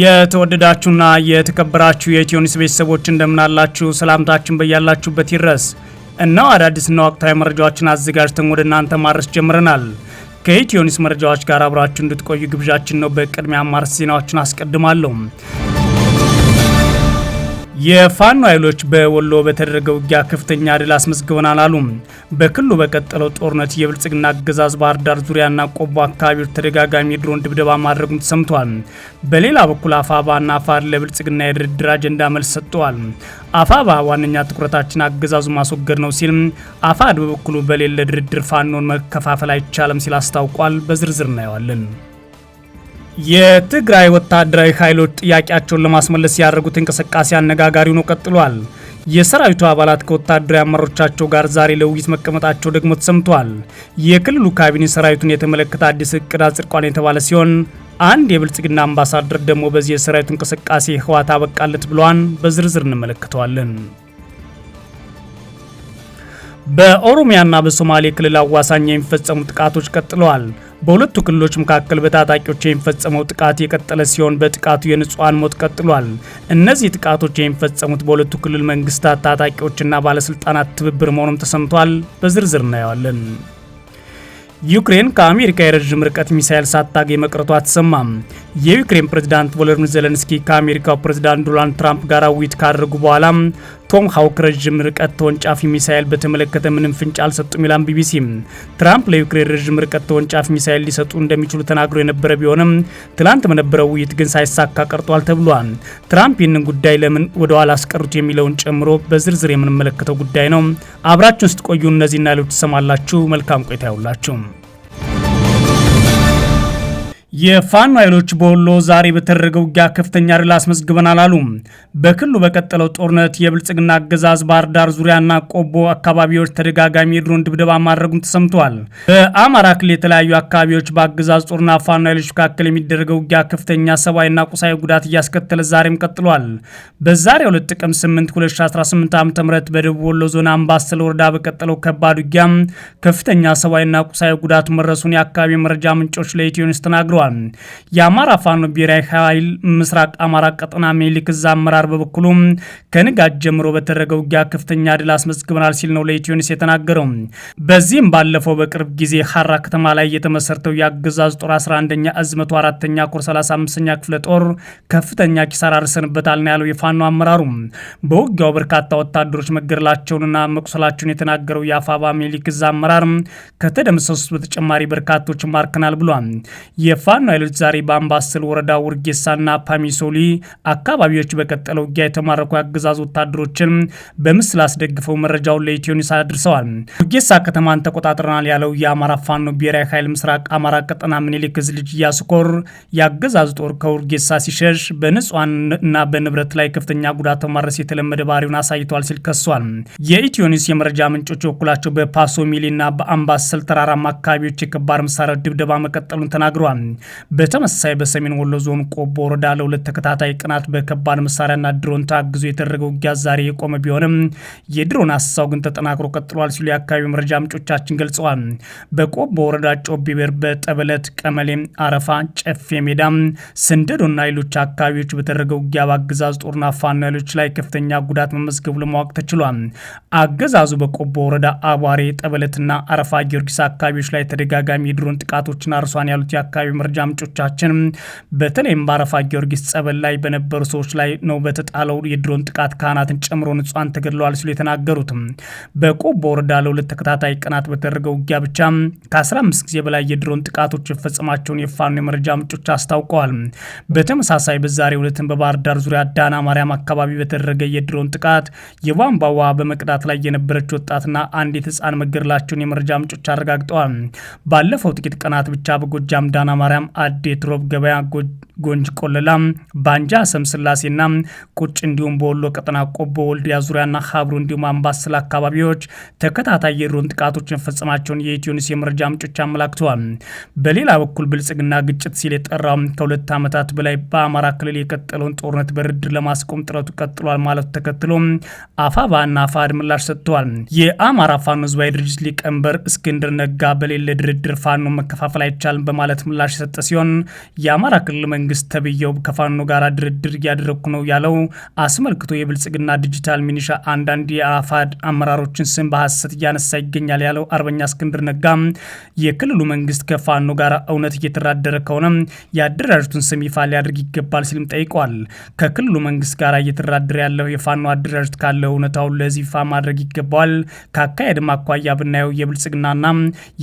የተወደዳችሁና የተከበራችሁ የኢትዮኒስ ቤተሰቦች እንደምናላችሁ ሰላምታችን በያላችሁበት ይድረስ። እናው አዳዲስና ወቅታዊ መረጃዎችን አዘጋጅተን ወደ እናንተ ማድረስ ጀምረናል። ከኢትዮኒስ መረጃዎች ጋር አብራችሁ እንድትቆዩ ግብዣችን ነው። በቅድሚያ አማርስ ዜናዎችን አስቀድማለሁ። የፋኖ ኃይሎች በወሎ በተደረገው ውጊያ ከፍተኛ ድል አስመዝግበናል አሉ። በክልሉ በቀጠለው ጦርነት የብልጽግና አገዛዝ ባህር ዳር ዙሪያና ቆቦ አካባቢዎች ተደጋጋሚ የድሮን ድብደባ ማድረጉን ተሰምቷል። በሌላ በኩል አፋባና አፋር ለብልጽግና የድርድር አጀንዳ መልስ ሰጥተዋል። አፋባ ዋነኛ ትኩረታችን አገዛዙ ማስወገድ ነው ሲል፣ አፋድ በበኩሉ በሌለ ድርድር ፋኖን መከፋፈል አይቻልም ሲል አስታውቋል። በዝርዝር እናየዋለን። የትግራይ ወታደራዊ ኃይሎች ጥያቄያቸውን ለማስመለስ ያደረጉት እንቅስቃሴ አነጋጋሪ ሆኖ ቀጥሏል። የሰራዊቱ አባላት ከወታደራዊ አመራሮቻቸው ጋር ዛሬ ለውይይት መቀመጣቸው ደግሞ ተሰምቷል። የክልሉ ካቢኔ ሰራዊቱን የተመለከተ አዲስ እቅድ አጽድቋል የተባለ ሲሆን አንድ የብልጽግና አምባሳደር ደግሞ በዚህ የሰራዊቱ እንቅስቃሴ ህወሓት አበቃለት ብሏን በዝርዝር እንመለከተዋለን። በኦሮሚያና በሶማሌ ክልል አዋሳኝ የሚፈጸሙ ጥቃቶች ቀጥለዋል። በሁለቱ ክልሎች መካከል በታጣቂዎች የሚፈጸመው ጥቃት የቀጠለ ሲሆን በጥቃቱ የንጹሐን ሞት ቀጥሏል። እነዚህ ጥቃቶች የሚፈጸሙት በሁለቱ ክልል መንግስታት ታጣቂዎችና ባለስልጣናት ትብብር መሆኑም ተሰምቷል። በዝርዝር እናየዋለን። ዩክሬን ከአሜሪካ የረዥም ርቀት ሚሳኤል ሳታገኝ መቅረቷ አትሰማም። የዩክሬን ፕሬዝዳንት ቮሎዲሚር ዜለንስኪ ከአሜሪካው ፕሬዝዳንት ዶናልድ ትራምፕ ጋር ውይይት ካደረጉ በኋላ ቶም ሀውክ ረዥም ርቀት ተወንጫፊ ሚሳይል በተመለከተ ምንም ፍንጭ አልሰጡም ይላል ቢቢሲ። ትራምፕ ለዩክሬን ረዥም ርቀት ተወንጫፊ ሚሳይል ሊሰጡ እንደሚችሉ ተናግሮ የነበረ ቢሆንም ትላንት በነበረው ውይይት ግን ሳይሳካ ቀርጧል ተብሏል። ትራምፕ ይህንን ጉዳይ ለምን ወደኋላ አስቀሩት የሚለውን ጨምሮ በዝርዝር የምንመለከተው ጉዳይ ነው። አብራችን ስትቆዩ እነዚህና ሌሎች ትሰማላችሁ። መልካም ቆይታ ይሁንላችሁ። የፋኖ ኃይሎች በወሎ ዛሬ በተደረገው ውጊያ ከፍተኛ ድል አስመዝግበናል አሉ። በክልሉ በቀጠለው ጦርነት የብልጽግና አገዛዝ ባህር ዳር ዙሪያና ቆቦ አካባቢዎች ተደጋጋሚ የድሮን ድብደባ ማድረጉም ተሰምቷል። በአማራ ክልል የተለያዩ አካባቢዎች በአገዛዝ ጦርና ፋኖ ኃይሎች መካከል የሚደረገው ውጊያ ከፍተኛ ሰብአዊና ቁሳዊ ጉዳት እያስከተለ ዛሬም ቀጥሏል። በዛሬ ሁለት ጥቅም 8 2018 ዓ ም በደቡብ ወሎ ዞን አምባሰል ወረዳ በቀጠለው ከባድ ውጊያ ከፍተኛ ሰብአዊና ቁሳዊ ጉዳት መድረሱን የአካባቢ መረጃ ምንጮች ለኢትዮኒስ ተናግረዋል። ተናግረዋል። የአማራ ፋኖ ብሔራዊ ኃይል ምስራቅ አማራ ቀጠና ሜሊክ እዝ አመራር በበኩሉም ከንጋት ጀምሮ በተደረገ ውጊያ ከፍተኛ ድል አስመዝግበናል ሲል ነው ለኢትዮኒስ የተናገረው። በዚህም ባለፈው በቅርብ ጊዜ ሀራ ከተማ ላይ የተመሰርተው የአገዛዝ ጦር 11ኛ እዝ 104ኛ ኮር 35ኛ ክፍለ ጦር ከፍተኛ ኪሳራ አርሰንበታል ነው ያለው የፋኖ አመራሩ። በውጊያው በርካታ ወታደሮች መገደላቸውንና መቁሰላቸውን የተናገረው የአፋባ ሜሊክ እዝ አመራር ከተደመሰሱት በተጨማሪ በርካቶች ማርከናል ብሏል። የፋኖ ኃይሎች ዛሬ በአምባሰል ወረዳ ውርጌሳና ፓሚሶሊ አካባቢዎች በቀጠለው ውጊያ የተማረኩ የአገዛዝ ወታደሮችን በምስል አስደግፈው መረጃውን ለኢትዮኒስ አድርሰዋል። ውርጌሳ ከተማን ተቆጣጥረናል ያለው የአማራ ፋኖ ብሔራዊ ኃይል ምስራቅ አማራ ቀጠና ምኒልክ እዝ ልጅ እያስኮር የአገዛዝ ጦር ከውርጌሳ ሲሸሽ በንጹሃን እና በንብረት ላይ ከፍተኛ ጉዳት ማድረስ የተለመደ ባህሪውን አሳይተዋል ሲል ከሷል። የኢትዮኒስ የመረጃ ምንጮች በኩላቸው በፓሶ ሚሊና በአምባሰል ተራራማ አካባቢዎች የከባድ መሳሪያ ድብደባ መቀጠሉን ተናግረዋል። በተመሳሳይ በሰሜን ወሎ ዞን ቆቦ ወረዳ ለሁለት ተከታታይ ቀናት በከባድ መሳሪያና ድሮን ታግዞ የተደረገው ውጊያ ዛሬ የቆመ ቢሆንም የድሮን አሳው ግን ተጠናክሮ ቀጥሏል ሲሉ የአካባቢ መረጃ ምንጮቻችን ገልጸዋል። በቆቦ ወረዳ ጮቢቤር በጠበለት ቀመሌ፣ አረፋ፣ ጨፌ ሜዳ፣ ስንደዶና ሌሎች አካባቢዎች በተደረገው ውጊያ በአገዛዝ ጦርና ፋኖ ላይ ከፍተኛ ጉዳት መመዝገቡ ለማወቅ ተችሏል። አገዛዙ በቆቦ ወረዳ አቧሬ፣ ጠበለትና አረፋ ጊዮርጊስ አካባቢዎች ላይ ተደጋጋሚ የድሮን ጥቃቶችን አርሷን ያሉት የአካባቢው መረጃ ምንጮቻችን በተለይም በአረፋ ጊዮርጊስ ጸበል ላይ በነበሩ ሰዎች ላይ ነው በተጣለው የድሮን ጥቃት ካህናትን ጨምሮ ንጹሐን ተገድለዋል ሲሉ የተናገሩት። በቆቦ ወረዳ ለሁለት ተከታታይ ቀናት በተደረገው ውጊያ ብቻ ከ15 ጊዜ በላይ የድሮን ጥቃቶች የፈጸማቸውን የፋኖ የመረጃ ምንጮች አስታውቀዋል። በተመሳሳይ በዛሬ ሁለትን በባህር ዳር ዙሪያ ዳና ማርያም አካባቢ በተደረገ የድሮን ጥቃት የቧንቧ ውሃ በመቅዳት ላይ የነበረች ወጣትና አንዲት ህፃን መገደላቸውን የመረጃ ምንጮች አረጋግጠዋል። ባለፈው ጥቂት ቀናት ብቻ በጎጃም ዳና ማርያም አዴት፣ ሮብ ገበያ ጎንጅ ቆለላ ባንጃ ሰም ስላሴና ቁጭ እንዲሁም በወሎ ቀጠና ቆቦ ወልዲያ ዙሪያና ሀብሩ እንዲሁም አምባስል አካባቢዎች ተከታታይ የድሮን ጥቃቶች መፈጸማቸውን የኢትዮኒስ የመረጃ ምንጮች አመላክተዋል። በሌላ በኩል ብልጽግና ግጭት ሲል የጠራው ከሁለት ዓመታት በላይ በአማራ ክልል የቀጠለውን ጦርነት በድርድር ለማስቆም ጥረቱ ቀጥሏል ማለቱ ተከትሎ አፋባና አፋድ ምላሽ ሰጥተዋል። የአማራ ፋኖ ህዝባዊ ድርጅት ሊቀመንበር እስክንድር ነጋ በሌለ ድርድር ፋኖ መከፋፈል አይቻልም በማለት ምላሽ ሰጥ የሰጠ ሲሆን የአማራ ክልል መንግስት ተብዬው ከፋኖ ጋር ድርድር እያደረግኩ ነው ያለው አስመልክቶ የብልጽግና ዲጂታል ሚኒሻ አንዳንድ የአፋድ አመራሮችን ስም በሐሰት እያነሳ ይገኛል ያለው አርበኛ እስክንድር ነጋ የክልሉ መንግስት ከፋኖ ጋር እውነት እየተራደረ ከሆነ የአደራጅቱን ስም ይፋ ሊያደርግ ይገባል ሲልም ጠይቋል። ከክልሉ መንግስት ጋር እየተደራደረ ያለው የፋኖ አደራጅት ካለ እውነታውን ለዚህ ይፋ ማድረግ ይገባዋል። ከአካሄድም አኳያ ብናየው የብልጽግናና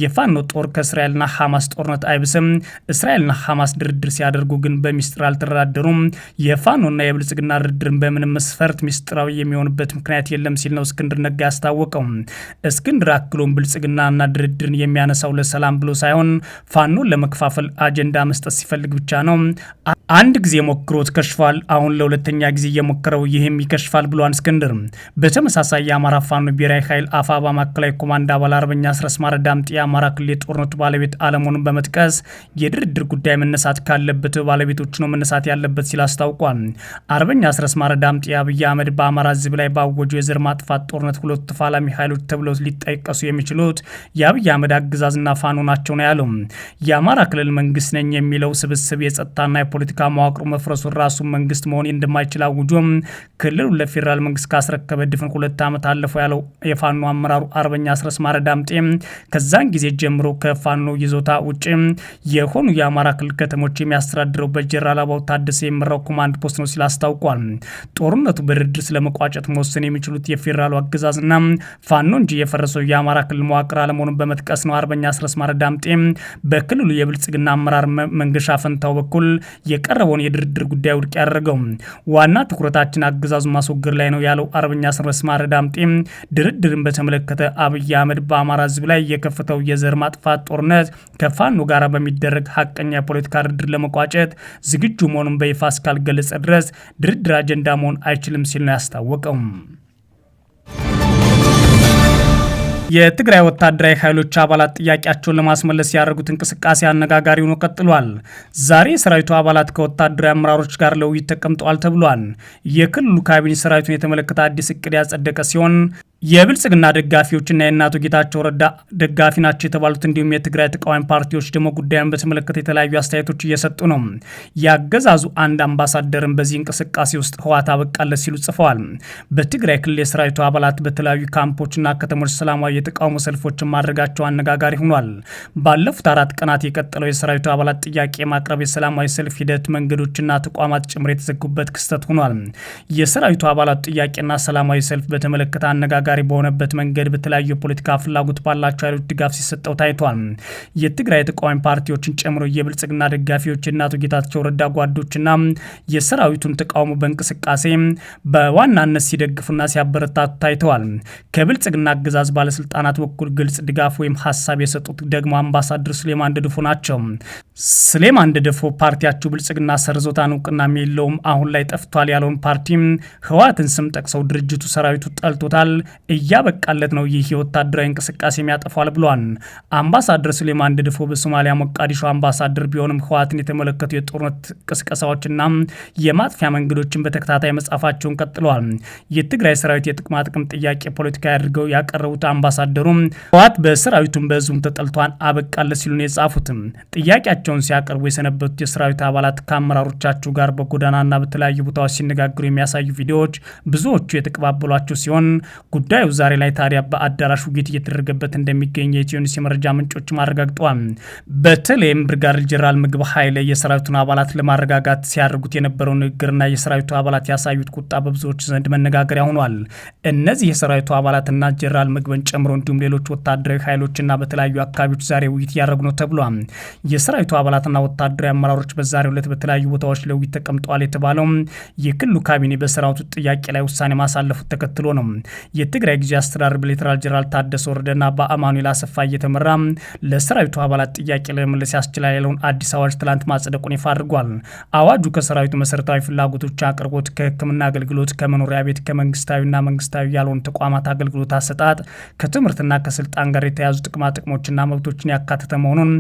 የፋኖ ጦር ከእስራኤልና ሐማስ ጦርነት አይብስም። እስራኤልና ሐማስ ድርድር ሲያደርጉ ግን በሚስጥር አልተደራደሩም። የፋኖና የብልጽግና ድርድርን በምንም መስፈርት ሚስጥራዊ የሚሆንበት ምክንያት የለም ሲል ነው እስክንድር ነጋ ያስታወቀው። እስክንድር አክሎም ብልጽግናና ድርድርን የሚያነሳው ለሰላም ብሎ ሳይሆን ፋኖን ለመከፋፈል አጀንዳ መስጠት ሲፈልግ ብቻ ነው። አንድ ጊዜ ሞክሮት ከሽፏል። አሁን ለሁለተኛ ጊዜ እየሞከረው ይህም ይከሽፋል ብሏን እስክንድር። በተመሳሳይ የአማራ ፋኖ ብሔራዊ ኃይል አፋባ ማዕከላዊ ኮማንድ አባል አርበኛ አስረስ ማረ ዳምጤ የአማራ ክልል ጦርነቱ ባለቤት አለመሆኑን በመጥቀስ የድር የብድር ጉዳይ መነሳት ካለበት ባለቤቶች ነው መነሳት ያለበት ሲል አስታውቋል። አርበኛ አስረስ ማረ ዳምጤ አብይ አህመድ በአማራ ህዝብ ላይ ባወጁ የዘር ማጥፋት ጦርነት ሁለቱ ተፋላሚ ኃይሎች ተብለው ሊጠቀሱ የሚችሉት የአብይ አህመድ አገዛዝና ፋኖ ናቸው ነው ያለው። የአማራ ክልል መንግስት ነኝ የሚለው ስብስብ የጸጥታና የፖለቲካ መዋቅሩ መፍረሱን ራሱ መንግስት መሆን እንደማይችል አውጆም ክልሉን ለፌዴራል መንግስት ካስረከበ ድፍን ሁለት ዓመት አለፈው ያለው የፋኖ አመራሩ አርበኛ አስረስ ማረ ዳምጤ ከዛን ጊዜ ጀምሮ ከፋኖ ይዞታ ውጭ የሆኑ የአማራ ክልል ከተሞች የሚያስተዳድረው በጀነራል አበባው ታደሰ ኮማንድ ፖስት ነው ሲል አስታውቋል። ጦርነቱ በድርድር ስለመቋጨት መወሰን የሚችሉት የፌዴራሉ አገዛዝና ፋኖ እንጂ የፈረሰው የአማራ ክልል መዋቅር አለመሆኑን በመጥቀስ ነው። አርበኛ አስረስ ማረ ዳምጤ በክልሉ የብልጽግና አመራር መንገሻ ፈንታው በኩል የቀረበውን የድርድር ጉዳይ ውድቅ ያደረገው ዋና ትኩረታችን አገዛዙ ማስወገድ ላይ ነው ያለው አርበኛ አስረስ ማረ ዳምጤ ድርድርን በተመለከተ አብይ አህመድ በአማራ ህዝብ ላይ የከፍተው የዘር ማጥፋት ጦርነት ከፋኖ ጋር በሚደረግ ሀቀኛ የፖለቲካ ድርድር ለመቋጨት ዝግጁ መሆኑን በይፋ እስካልገለጸ ድረስ ድርድር አጀንዳ መሆን አይችልም ሲል ነው ያስታወቀው። የትግራይ ወታደራዊ ኃይሎች አባላት ጥያቄያቸውን ለማስመለስ ያደረጉት እንቅስቃሴ አነጋጋሪ ሆኖ ቀጥሏል። ዛሬ የሰራዊቱ አባላት ከወታደራዊ አመራሮች ጋር ለውይይት ተቀምጠዋል ተብሏል። የክልሉ ካቢኔ ሰራዊቱን የተመለከተ አዲስ እቅድ ያጸደቀ ሲሆን የብልጽግና ደጋፊዎችና የእናቶ ጌታቸው ረዳ ደጋፊ ናቸው የተባሉት እንዲሁም የትግራይ ተቃዋሚ ፓርቲዎች ደግሞ ጉዳዩን በተመለከተ የተለያዩ አስተያየቶች እየሰጡ ነው። ያገዛዙ አንድ አምባሳደርን በዚህ እንቅስቃሴ ውስጥ ህዋት አበቃለት ሲሉ ጽፈዋል። በትግራይ ክልል የሰራዊቱ አባላት በተለያዩ ካምፖችና ከተሞች ሰላማዊ የተቃውሞ ሰልፎችን ማድረጋቸው አነጋጋሪ ሆኗል። ባለፉት አራት ቀናት የቀጠለው የሰራዊቱ አባላት ጥያቄ ማቅረብ የሰላማዊ ሰልፍ ሂደት መንገዶችና ተቋማት ጭምር የተዘጉበት ክስተት ሆኗል። የሰራዊቱ አባላት ጥያቄና ሰላማዊ ሰልፍ በተመለከተ አነጋጋሪ በሆነበት መንገድ በተለያዩ የፖለቲካ ፍላጎት ባላቸው ኃይሎች ድጋፍ ሲሰጠው ታይቷል። የትግራይ ተቃዋሚ ፓርቲዎችን ጨምሮ የብልጽግና ደጋፊዎች አቶ ጌታቸው ረዳ ጓዶችና የሰራዊቱን ተቃውሞ በእንቅስቃሴ በዋናነት ሲደግፉና ሲያበረታቱ ታይተዋል። ከብልጽግና አገዛዝ ባለስልጣ ባለስልጣናት በኩል ግልጽ ድጋፍ ወይም ሀሳብ የሰጡት ደግሞ አምባሳደር ሱሌማን ደደፎ ናቸው። ሱሌማን ደደፎ ፓርቲያቸው ብልጽግና ሰርዞታን እውቅናም የለውም አሁን ላይ ጠፍቷል ያለውን ፓርቲ ህወሓትን ስም ጠቅሰው ድርጅቱ ሰራዊቱ ጠልቶታል፣ እያበቃለት ነው፣ ይህ የወታደራዊ እንቅስቃሴ የሚያጠፏል ብሏል። አምባሳደር ሱሌማን ደደፎ በሶማሊያ ሞቃዲሾ አምባሳደር ቢሆንም ህወሓትን የተመለከቱ የጦርነት ቅስቀሳዎችና የማጥፊያ መንገዶችን በተከታታይ መጻፋቸውን ቀጥለዋል። የትግራይ ሰራዊት የጥቅማጥቅም ጥያቄ ፖለቲካ ያድርገው ያቀረቡት አምባሳ አምባሳደሩም ህወሓት በሰራዊቱም በህዝቡም ተጠልቷን አበቃለ ሲሉን የጻፉትም ጥያቄያቸውን ሲያቀርቡ የሰነበቱት የሰራዊት አባላት ከአመራሮቻችሁ ጋር በጎዳናና በተለያዩ ቦታዎች ሲነጋገሩ የሚያሳዩ ቪዲዮዎች ብዙዎቹ የተቀባበሏቸው ሲሆን ጉዳዩ ዛሬ ላይ ታዲያ በአዳራሽ ውይይት እየተደረገበት እንደሚገኝ የኢትዮኒስ የመረጃ ምንጮችም አረጋግጠዋል። በተለይም ብርጋዴር ጄኔራል ምግብ ኃይለ የሰራዊቱን አባላት ለማረጋጋት ሲያደርጉት የነበረው ንግግርና የሰራዊቱ አባላት ያሳዩት ቁጣ በብዙዎች ዘንድ መነጋገሪያ ሆኗል። እነዚህ የሰራዊቱ አባላትና ጄኔራል ምግብን ጨምሮ ጨምሮ እንዲሁም ሌሎች ወታደራዊ ኃይሎችና በተለያዩ አካባቢዎች ዛሬ ውይይት እያደረጉ ነው ተብሏል። የሰራዊቱ አባላትና ወታደራዊ አመራሮች በዛሬው ዕለት በተለያዩ ቦታዎች ለውይይት ተቀምጠዋል የተባለው የክልሉ ካቢኔ በሰራዊቱ ጥያቄ ላይ ውሳኔ ማሳለፉት ተከትሎ ነው። የትግራይ ጊዜ አስተዳደር በሌተናል ጄኔራል ታደሰ ወረደና በአማኑኤል አሰፋ እየተመራ ለሰራዊቱ አባላት ጥያቄ ለመመለስ ያስችላል ያለውን አዲስ አዋጅ ትላንት ማጽደቁን ይፋ አድርጓል። አዋጁ ከሰራዊቱ መሰረታዊ ፍላጎቶች አቅርቦት፣ ከህክምና አገልግሎት፣ ከመኖሪያ ቤት፣ ከመንግስታዊና መንግስታዊ ያልሆኑ ተቋማት አገልግሎት አሰጣጥ ከትምህርትና ከስልጣን ጋር የተያዙ ጥቅማ ጥቅሞችና መብቶችን ያካተተ መሆኑን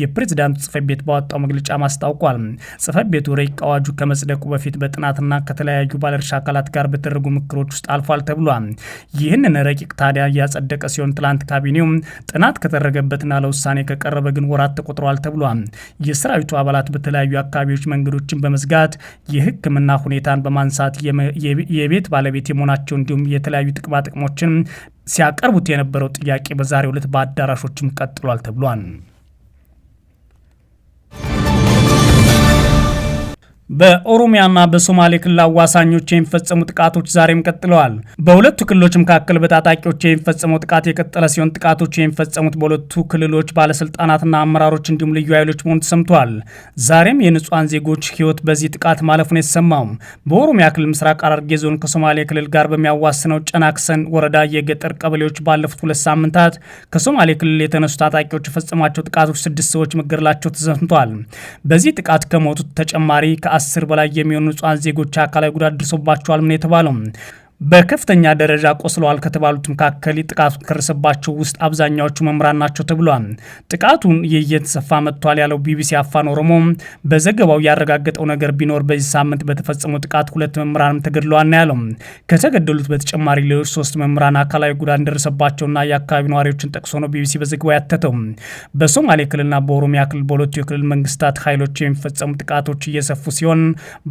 የፕሬዚዳንቱ ጽፈት ቤት ባወጣው መግለጫ ማስታውቋል። ጽፈት ቤቱ ረቂቅ አዋጁ ከመጽደቁ በፊት በጥናትና ከተለያዩ ባለድርሻ አካላት ጋር በተደረጉ ምክሮች ውስጥ አልፏል ተብሏል። ይህንን ረቂቅ ታዲያ እያጸደቀ ሲሆን ትላንት ካቢኔው ጥናት ከተደረገበትና ለውሳኔ ከቀረበ ግን ወራት ተቆጥሯል ተብሏል። የሰራዊቱ አባላት በተለያዩ አካባቢዎች መንገዶችን በመዝጋት የሕክምና ሁኔታን በማንሳት የቤት ባለቤት የመሆናቸው እንዲሁም የተለያዩ ጥቅማ ጥቅሞችን ሲያቀርቡት የነበረው ጥያቄ በዛሬው ዕለት በአዳራሾችም ቀጥሏል ተብሏል። በኦሮሚያና በሶማሌ ክልል አዋሳኞች የሚፈጸሙ ጥቃቶች ዛሬም ቀጥለዋል። በሁለቱ ክልሎች መካከል በታጣቂዎች የሚፈጸመው ጥቃት የቀጠለ ሲሆን ጥቃቶች የሚፈጸሙት በሁለቱ ክልሎች ባለስልጣናትና አመራሮች እንዲሁም ልዩ ኃይሎች መሆኑ ተሰምቷል። ዛሬም የንጹሐን ዜጎች ህይወት በዚህ ጥቃት ማለፉን የተሰማው በኦሮሚያ ክልል ምስራቅ ሐረርጌ ዞን ከሶማሌ ክልል ጋር በሚያዋስነው ጨናክሰን ወረዳ የገጠር ቀበሌዎች ባለፉት ሁለት ሳምንታት ከሶማሌ ክልል የተነሱ ታጣቂዎች የፈጸሟቸው ጥቃቶች ስድስት ሰዎች መገደላቸው ተሰምቷል። በዚህ ጥቃት ከሞቱት ተጨማሪ ከ አስር በላይ የሚሆኑ ንጹሐን ዜጎች አካላዊ ጉዳት ደርሶባቸዋል ነው የተባለው። በከፍተኛ ደረጃ ቆስለዋል ከተባሉት መካከል ጥቃቱ ከደረሰባቸው ውስጥ አብዛኛዎቹ መምህራን ናቸው ተብሏል። ጥቃቱን እየተሰፋ መጥቷል ያለው ቢቢሲ አፋን ኦሮሞ በዘገባው ያረጋገጠው ነገር ቢኖር በዚህ ሳምንት በተፈጸመው ጥቃት ሁለት መምህራንም ተገድለዋል ነው ያለው። ከተገደሉት በተጨማሪ ሌሎች ሶስት መምህራን አካላዊ ጉዳት እንደደረሰባቸውና የአካባቢ ነዋሪዎችን ጠቅሶ ነው ቢቢሲ በዘገባው ያተተው። በሶማሌ ክልልና በኦሮሚያ ክልል በሁለቱ የክልል መንግስታት ኃይሎች የሚፈጸሙ ጥቃቶች እየሰፉ ሲሆን፣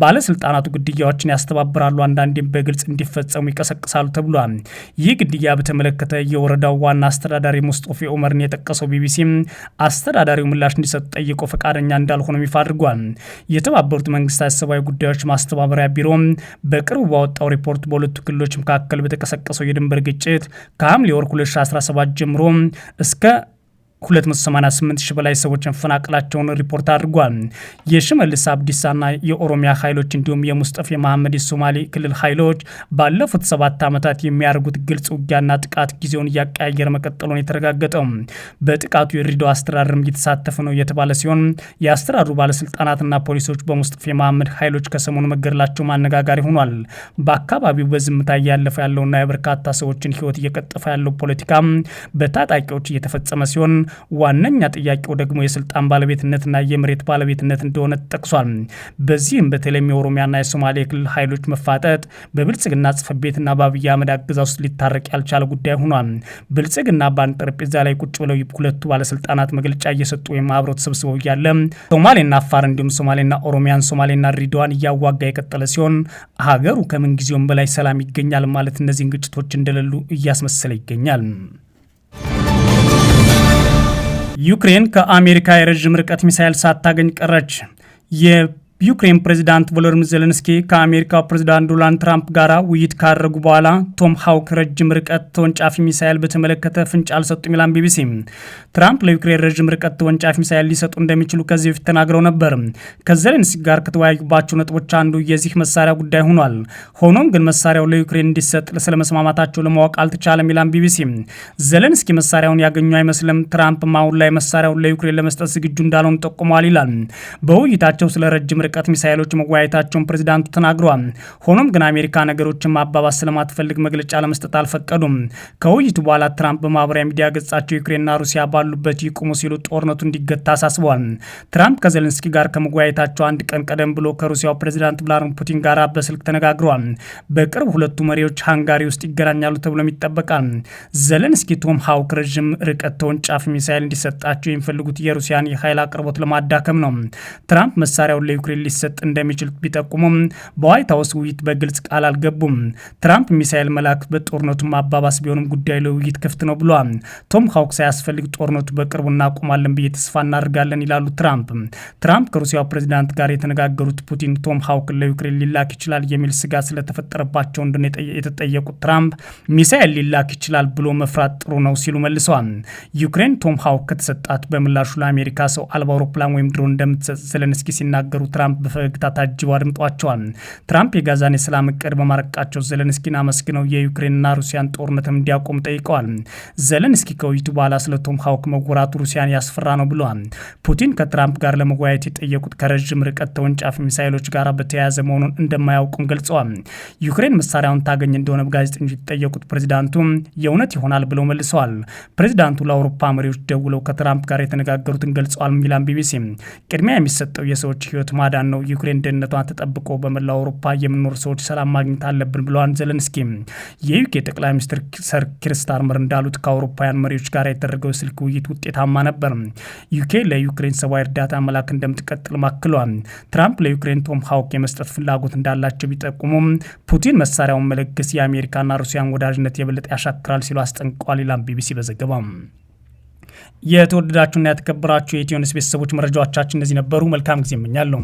ባለስልጣናቱ ግድያዎችን ያስተባብራሉ፣ አንዳንዴም በግልጽ እንዲፈጸ እንዲፈጸሙ ይቀሰቅሳሉ ተብሏል። ይህ ግድያ በተመለከተ የወረዳው ዋና አስተዳዳሪ ሙስጦፌ ኡመርን የጠቀሰው ቢቢሲ አስተዳዳሪው ምላሽ እንዲሰጥ ጠይቆ ፈቃደኛ እንዳልሆነ ይፋ አድርጓል። የተባበሩት መንግስታት ሰብአዊ ጉዳዮች ማስተባበሪያ ቢሮ በቅርቡ ባወጣው ሪፖርት በሁለቱ ክልሎች መካከል በተቀሰቀሰው የድንበር ግጭት ከሐምሌ ወር 2017 ጀምሮ እስከ 288 ሺህ በላይ ሰዎች መፈናቀላቸውን ሪፖርት አድርጓል። የሽመልስ አብዲሳና የኦሮሚያ ኃይሎች እንዲሁም የሙስጠፌ መሐመድ የሶማሌ ክልል ኃይሎች ባለፉት ሰባት ዓመታት የሚያደርጉት ግልጽ ውጊያና ጥቃት ጊዜውን እያቀያየር መቀጠሉን የተረጋገጠው በጥቃቱ የድሬዳዋ አስተዳደርም እየተሳተፈ ነው የተባለ ሲሆን የአስተዳደሩ ባለስልጣናትና ፖሊሶች በሙስጠፌ መሐመድ ኃይሎች ከሰሞኑ መገደላቸው ማነጋጋሪ ሆኗል። በአካባቢው በዝምታ እያለፈ ያለውና የበርካታ ሰዎችን ህይወት እየቀጠፈ ያለው ፖለቲካ በታጣቂዎች እየተፈጸመ ሲሆን ዋነኛ ጥያቄው ደግሞ የስልጣን ባለቤትነትና የመሬት ባለቤትነት እንደሆነ ጠቅሷል። በዚህም በተለይም የኦሮሚያና የሶማሌ ክልል ኃይሎች መፋጠጥ በብልጽግና ጽሕፈት ቤትና በአብይ አህመድ አገዛዝ ውስጥ ሊታረቅ ያልቻለ ጉዳይ ሆኗል። ብልጽግና በአንድ ጠረጴዛ ላይ ቁጭ ብለው ሁለቱ ባለስልጣናት መግለጫ እየሰጡ ወይም አብሮ ተሰብስበው እያለ ሶማሌና አፋር እንዲሁም ሶማሌና ኦሮሚያን ሶማሌና ድሬዳዋን እያዋጋ የቀጠለ ሲሆን ሀገሩ ከምንጊዜውም በላይ ሰላም ይገኛል ማለት እነዚህን ግጭቶች እንደሌሉ እያስመሰለ ይገኛል። ዩክሬን ከአሜሪካ የረዥም ርቀት ሚሳይል ሳታገኝ ቀረች። ዩክሬን ፕሬዚዳንት ቮሎዲሚር ዜሌንስኪ ከአሜሪካው ፕሬዚዳንት ዶናልድ ትራምፕ ጋር ውይይት ካደረጉ በኋላ ቶም ሃውክ ረጅም ርቀት ተወንጫፊ ሚሳይል በተመለከተ ፍንጭ አልሰጡም ይላል ቢቢሲ። ትራምፕ ለዩክሬን ረዥም ርቀት ተወንጫፊ ሚሳይል ሊሰጡ እንደሚችሉ ከዚህ በፊት ተናግረው ነበር። ከዜሌንስኪ ጋር ከተወያዩባቸው ነጥቦች አንዱ የዚህ መሳሪያ ጉዳይ ሆኗል። ሆኖም ግን መሳሪያው ለዩክሬን እንዲሰጥ ስለመስማማታቸው ለማወቅ አልተቻለም ይላል ቢቢሲ። ዜሌንስኪ መሳሪያውን ያገኙ አይመስልም። ትራምፕ አሁን ላይ መሳሪያውን ለዩክሬን ለመስጠት ዝግጁ እንዳልሆኑ ጠቁመዋል ይላል። በውይይታቸው ስለ ረጅም ርቀት ሚሳይሎች መወያየታቸውን ፕሬዚዳንቱ ተናግረዋል። ሆኖም ግን አሜሪካ ነገሮችን ማባባስ ስለማትፈልግ መግለጫ ለመስጠት አልፈቀዱም። ከውይይቱ በኋላ ትራምፕ በማህበራዊ ሚዲያ ገጻቸው ዩክሬንና ሩሲያ ባሉበት ይቁሙ ሲሉ ጦርነቱ እንዲገታ አሳስበዋል። ትራምፕ ከዘለንስኪ ጋር ከመወያየታቸው አንድ ቀን ቀደም ብሎ ከሩሲያው ፕሬዚዳንት ቭላድሚር ፑቲን ጋር በስልክ ተነጋግረዋል። በቅርብ ሁለቱ መሪዎች ሃንጋሪ ውስጥ ይገናኛሉ ተብሎም ይጠበቃል። ዘለንስኪ ቶም ሀውክ ረዥም ርቀት ተወንጫፊ ሚሳይል እንዲሰጣቸው የሚፈልጉት የሩሲያን የኃይል አቅርቦት ለማዳከም ነው። ትራምፕ መሳሪያውን ለዩክሬን አክሊል ሊሰጥ እንደሚችል ቢጠቁሙም በዋይት ሀውስ ውይይት በግልጽ ቃል አልገቡም። ትራምፕ ሚሳኤል መላክ በጦርነቱ ማባባስ ቢሆንም ጉዳዩ ለውይይት ክፍት ነው ብሏል። ቶም ሀውክ ሳያስፈልግ ጦርነቱ በቅርቡ እናቆማለን ብዬ ተስፋ እናደርጋለን ይላሉ ትራምፕ። ትራምፕ ከሩሲያው ፕሬዚዳንት ጋር የተነጋገሩት ፑቲን ቶም ሀውክ ለዩክሬን ሊላክ ይችላል የሚል ስጋት ስለተፈጠረባቸው እንደሆነ የተጠየቁት ትራምፕ ሚሳኤል ሊላክ ይችላል ብሎ መፍራት ጥሩ ነው ሲሉ መልሰዋል። ዩክሬን ቶም ሀውክ ከተሰጣት በምላሹ ለአሜሪካ ሰው አልባ አውሮፕላን ወይም ድሮን እንደምትሰጥ ዘለንስኪ ሲናገሩ ትራምፕ ትራምፕ በፈገግታ ታጅበው አድምጧቸዋል። ትራምፕ የጋዛን የሰላም እቅድ በማረቃቸው ዘለንስኪን አመስግነው የዩክሬንና ሩሲያን ጦርነትም እንዲያቆም ጠይቀዋል። ዘለንስኪ ከውይይቱ በኋላ ስለ ቶም ሀውክ መወራቱ ሩሲያን ያስፈራ ነው ብለዋል። ፑቲን ከትራምፕ ጋር ለመወያየት የጠየቁት ከረዥም ርቀት ተወንጫፊ ሚሳይሎች ጋር በተያያዘ መሆኑን እንደማያውቁም ገልጸዋል። ዩክሬን መሳሪያውን ታገኝ እንደሆነ በጋዜጠኞች የተጠየቁት ፕሬዚዳንቱ የእውነት ይሆናል ብለው መልሰዋል። ፕሬዚዳንቱ ለአውሮፓ መሪዎች ደውለው ከትራምፕ ጋር የተነጋገሩትን ገልጸዋል። ሚላን ቢቢሲ ቅድሚያ የሚሰጠው የሰዎች ህይወት ማዳ ማዳን ነው። ዩክሬን ደህንነቷ ተጠብቆ በመላው አውሮፓ የምንኖር ሰዎች ሰላም ማግኘት አለብን ብለዋል ዘለንስኪ የዩኬ ጠቅላይ ሚኒስትር ሰር ኪር ስታርመር እንዳሉት ከአውሮፓውያን መሪዎች ጋር የተደረገው ስልክ ውይይት ውጤታማ ነበር። ዩኬ ለዩክሬን ሰብአዊ እርዳታ መላክ እንደምትቀጥል ማክሏል። ትራምፕ ለዩክሬን ቶም ሀውክ የመስጠት ፍላጎት እንዳላቸው ቢጠቁሙም ፑቲን መሳሪያውን መለገስ የአሜሪካና ሩሲያን ወዳጅነት የበለጠ ያሻክራል ሲሉ አስጠንቅቋል ይላም ቢቢሲ በዘገባ። የተወደዳችሁና የኢትዮ የኢትዮኒውስ ቤተሰቦች መረጃዎቻችን እነዚህ ነበሩ። መልካም ጊዜ እመኛለሁ።